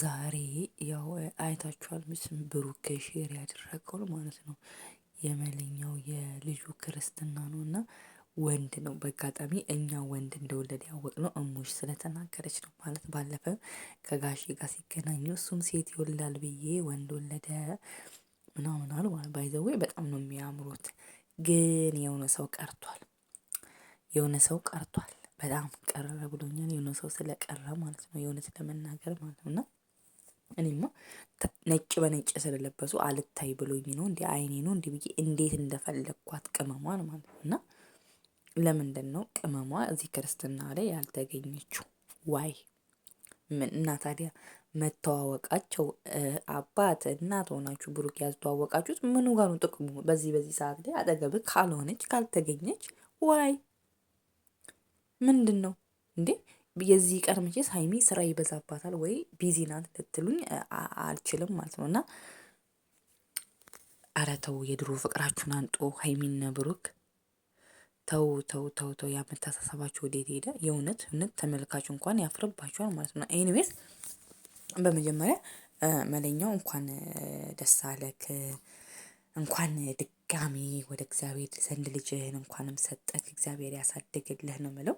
ዛሬ ያው አይታችኋል ምስም ብሩክ ሼር ያደረገው ማለት ነው። የመለኛው የልጁ ክርስትና ነው እና ወንድ ነው። በአጋጣሚ እኛ ወንድ እንደወለደ ያወቅ ነው እሙሽ ስለተናገረች ነው ማለት ባለፈ ከጋሼ ጋር ሲገናኙ እሱም ሴት ይወልዳል ብዬ ወንድ ወለደ ምናምን አሉ። ባይዘዌ በጣም ነው የሚያምሩት። ግን የሆነ ሰው ቀርቷል፣ የሆነ ሰው ቀርቷል። በጣም ቀረ ብሎኛል። የሆነ ሰው ስለቀረ ማለት ነው የእውነት ለመናገር ማለት ነው እና እኔማ ነጭ በነጭ ስለለበሱ አልታይ ብሎኝ ነው እንዲ አይኔ ነው እንዲ ብዬ እንዴት እንደፈለግኳት ቅመሟን ማለት ነው። እና ለምንድን ነው ቅመሟ እዚህ ክርስትና ላይ ያልተገኘችው? ዋይ እና ታዲያ መተዋወቃቸው አባት እናት ሆናችሁ ብሩክ ያስተዋወቃችሁት ምኑ ጋር ነው ጥቅሙ? በዚህ በዚህ ሰዓት ላይ አጠገብ ካልሆነች ካልተገኘች ዋይ ምንድን ነው እንዴ? የዚህ ቀን መቼስ ሀይሚ ስራ ይበዛባታል ወይ ቢዚ ናት ልትሉኝ አልችልም ማለት ነው። እና አረ ተው የድሮ ፍቅራችሁን አንጦ ሀይሚና ብሩክ ተው ተው ተው ተው። ያመታሳሰባችሁ ወዴት ሄደ? የእውነት እውነት ተመልካችሁ እንኳን ያፍርባችኋል ማለት ነው። ኤኒዌይስ በመጀመሪያ መለኛው እንኳን ደስ አለክ እንኳን ድጋሜ ወደ እግዚአብሔር ዘንድ ልጅህን እንኳንም ሰጠክ እግዚአብሔር ያሳደግልህ ነው ምለው።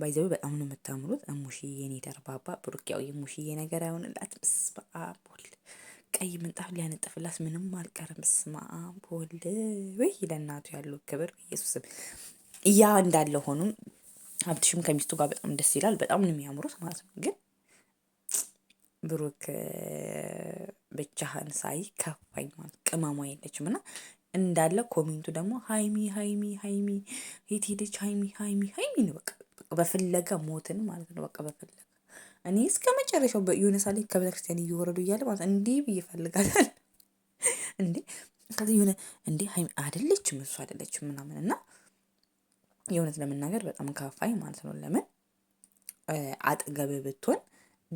ባይዘዊ በጣም ነው የምታምሩት። እሙሽዬ የኔ ደርባባ ብሩክ ያው የሙሽዬ ነገር አይሆንላት። ስማ ቦል ቀይ ምንጣፍ ሊያነጥፍላት ምንም አልቀርም። ስማ ቦል ወይ ለእናቱ ያለው ክብር ኢየሱስም ያ እንዳለ ሆኑም ሀብትሽም ከሚስቱ ጋር በጣም ደስ ይላል። በጣም ነው የሚያምሩት ማለት ነው። ግን ብሩክ ብቻህን ሳይ ከፋኝ ማለት ቅመሟ የለችም እና እንዳለ ኮሜንቱ ደግሞ ሀይሚ ሀይሚ ሀይሚ የት ሄደች ሀይሚ ሀይሚ ሀይሚ ነው በቃ በፈለገ ሞትን ማለት ነው። በቃ በፈለገ እኔ እስከ መጨረሻው በዩነሳ ላይ ከቤተክርስቲያን እየወረዱ እያለ ማለት እንዲህ ብዬ እፈልጋታለሁ እንዴ ከዚ የሆነ እንዴ አይደለችም እሱ አይደለችም ምናምን እና የእውነት ለመናገር በጣም ከፋኝ ማለት ነው። ለምን አጠገብ ብትሆን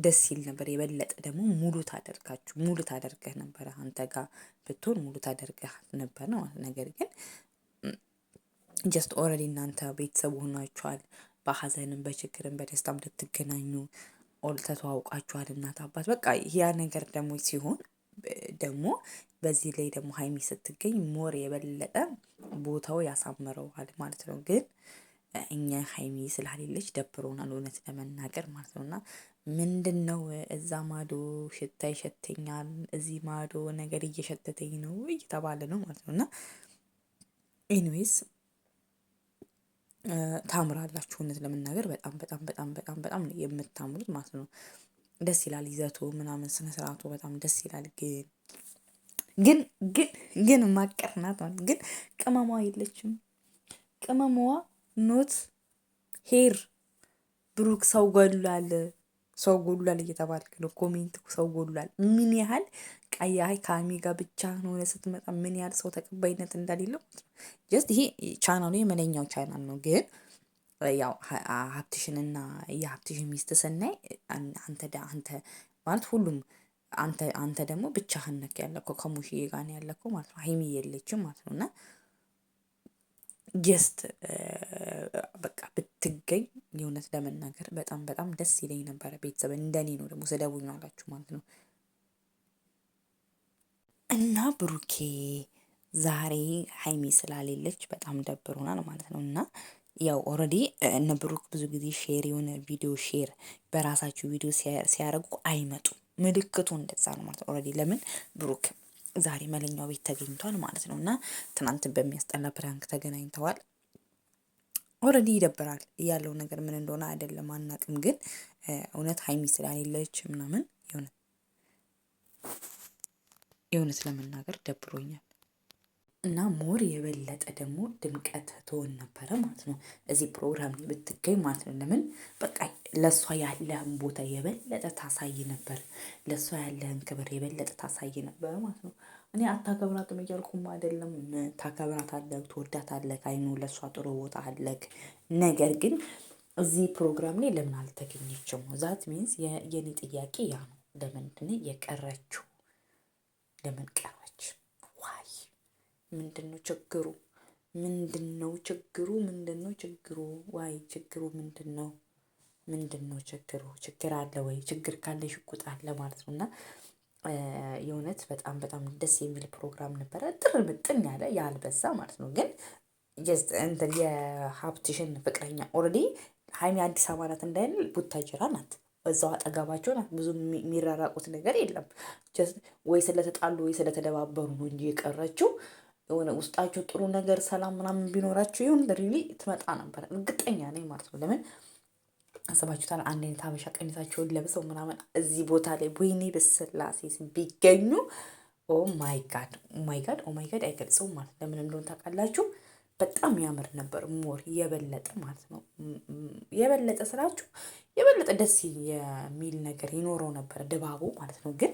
ደስ ይል ነበር። የበለጠ ደግሞ ሙሉ ታደርጋችሁ ሙሉ ታደርገህ ነበረ። አንተ ጋ ብትሆን ሙሉ ታደርገህ ነበር ነው። ነገር ግን ጀስት ኦልሬዲ እናንተ ቤተሰብ ሆናችኋል። በሀዘንም በችግርም በደስታም ልትገናኙ ኦል ተተዋውቃችኋል። እናት አባት በቃ ያ ነገር ደግሞ ሲሆን ደግሞ በዚህ ላይ ደግሞ ሀይሚ ስትገኝ ሞር የበለጠ ቦታው ያሳምረዋል ማለት ነው። ግን እኛ ሀይሚ ስላሌለች ደብሮናል እውነት ለመናገር ማለት ነው። እና ምንድን ነው እዛ ማዶ ሽታ ይሸተኛል፣ እዚህ ማዶ ነገር እየሸተተኝ ነው እየተባለ ነው ማለት ነው እና ኢንዌይስ ታምራላችሁ እውነት ለመናገር በጣም በጣም በጣም በጣም በጣም የምታምሩት ማለት ነው። ደስ ይላል ይዘቱ ምናምን ስነ ስርዓቱ በጣም ደስ ይላል። ግን ግን ግን ግን ማቀርናት ማለት ግን ቅመሟ የለችም። ቅመሟ ኖት ሄር ብሩክ ሰው ጎሏል ሰው ጎሏል እየተባልክ ነው። ኮሜንት ሰው ጎሏል ምን ያህል ቀያይ ከሀይሚ ጋር ብቻ ሆነ ስትመጣ ምን ያህል ሰው ተቀባይነት እንደሌለው ጀስት ይሄ ቻናሉ የመለኛው ቻናል ነው ግን ያው ሀብትሽንና የሀብትሽን ሚስት ስናይ አንተ አንተ ማለት ሁሉም አንተ አንተ ደግሞ ብቻህን ነክ ያለከው ከሙሽዬ ጋር ነው ማለት ነው። ሀይሚ የለችም ማለት ነው። እና ጀስት በቃ ብትገኝ የእውነት ለመናገር በጣም በጣም ደስ ይለኝ ነበረ። ቤተሰብ እንደኔ ነው ደግሞ ስደቡኝ አላችሁ ማለት ነው። ብሩኬ ዛሬ ሀይሚ ስላሌለች በጣም ደብሮናል ማለት ነው። እና ያው ኦልሬዲ እነ ብሩክ ብዙ ጊዜ ሼር የሆነ ቪዲዮ ሼር በራሳቸው ቪዲዮ ሲያደርጉ አይመጡም። ምልክቱ እንደዛ ነው ማለት ነው። ኦልሬዲ ለምን ብሩክ ዛሬ መለኛው ቤት ተገኝቷል ማለት ነው እና ትናንትን በሚያስጠላ ፕራንክ ተገናኝተዋል። ኦልሬዲ ይደብራል። ያለው ነገር ምን እንደሆነ አይደለም አናቅም፣ ግን እውነት ሀይሚ ስላሌለች ምናምን የሆነ የእውነት ለመናገር ደብሮኛል እና ሞር የበለጠ ደግሞ ድምቀት ትሆን ነበረ ማለት ነው እዚህ ፕሮግራም ላይ ብትገኝ ማለት ነው። ለምን በቃ ለእሷ ያለህን ቦታ የበለጠ ታሳይ ነበር፣ ለእሷ ያለህን ክብር የበለጠ ታሳይ ነበር ማለት ነው። እኔ አታከብራትም እያልኩም አይደለም። ታከብራታለህ፣ አለግ፣ አይኑ ለእሷ ጥሩ ቦታ አለግ። ነገር ግን እዚህ ፕሮግራም ላይ ለምን አልተገኘችም? ዛት ሚንስ የእኔ ጥያቄ ያ ነው። ለምንድን የቀረችው? ለምን ቀረች? ዋይ ምንድን ነው ችግሩ? ምንድን ነው ችግሩ? ምንድን ነው ችግሩ? ዋይ ችግሩ ምንድን ነው? ምንድን ነው ችግሩ? ችግር አለ ወይ? ችግር ካለ ሽጉጥ አለ ማለት ነው። እና የእውነት በጣም በጣም ደስ የሚል ፕሮግራም ነበረ። ጥር ምጥን ያለ ያልበዛ ማለት ነው። ግን የሀብትሽን ፍቅረኛ ኦልሬዲ ሀይሚ አዲስ አበባ ናት እንዳይል ቡታጅራ ናት። እዛው አጠገባቸው ናት። ብዙ የሚራራቁት ነገር የለም። ወይ ስለተጣሉ ወይ ስለተደባበሩ ነው እንጂ የቀረችው የሆነ ውስጣቸው ጥሩ ነገር ሰላም ምናምን ቢኖራቸው ይሁን ሪሊ ትመጣ ነበር፣ እርግጠኛ ነኝ ማለት ነው። ለምን አሰባችሁታል? አንድ አይነት ሀበሻ ቀሚሳቸውን ለብሰው ምናምን እዚህ ቦታ ላይ ወይኔ በስላሴ ቢገኙ ኦ ማይ ጋድ ኦ ማይ ጋድ ኦ ማይ ጋድ አይገልጸውም ማለት ለምን እንደሆነ ታውቃላችሁ? በጣም ያምር ነበር። ሞር የበለጠ ማለት ነው የበለጠ ስላችሁ የበለጠ ደስ የሚል ነገር ይኖረው ነበር ድባቡ ማለት ነው። ግን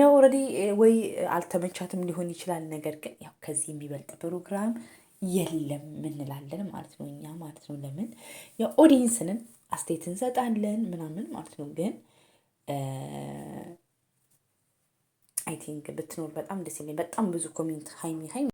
ያው ኦልሬዲ ወይ አልተመቻትም ሊሆን ይችላል። ነገር ግን ያው ከዚህ የሚበልጥ ፕሮግራም የለም እንላለን ማለት ነው እኛ ማለት ነው። ለምን ያው ኦዲየንስንን አስተያየት እንሰጣለን ምናምን ማለት ነው። ግን አይ ቲንክ ብትኖር በጣም ደስ ይለኝ። በጣም ብዙ ኮሜንት ሀይሚ ሀይሚ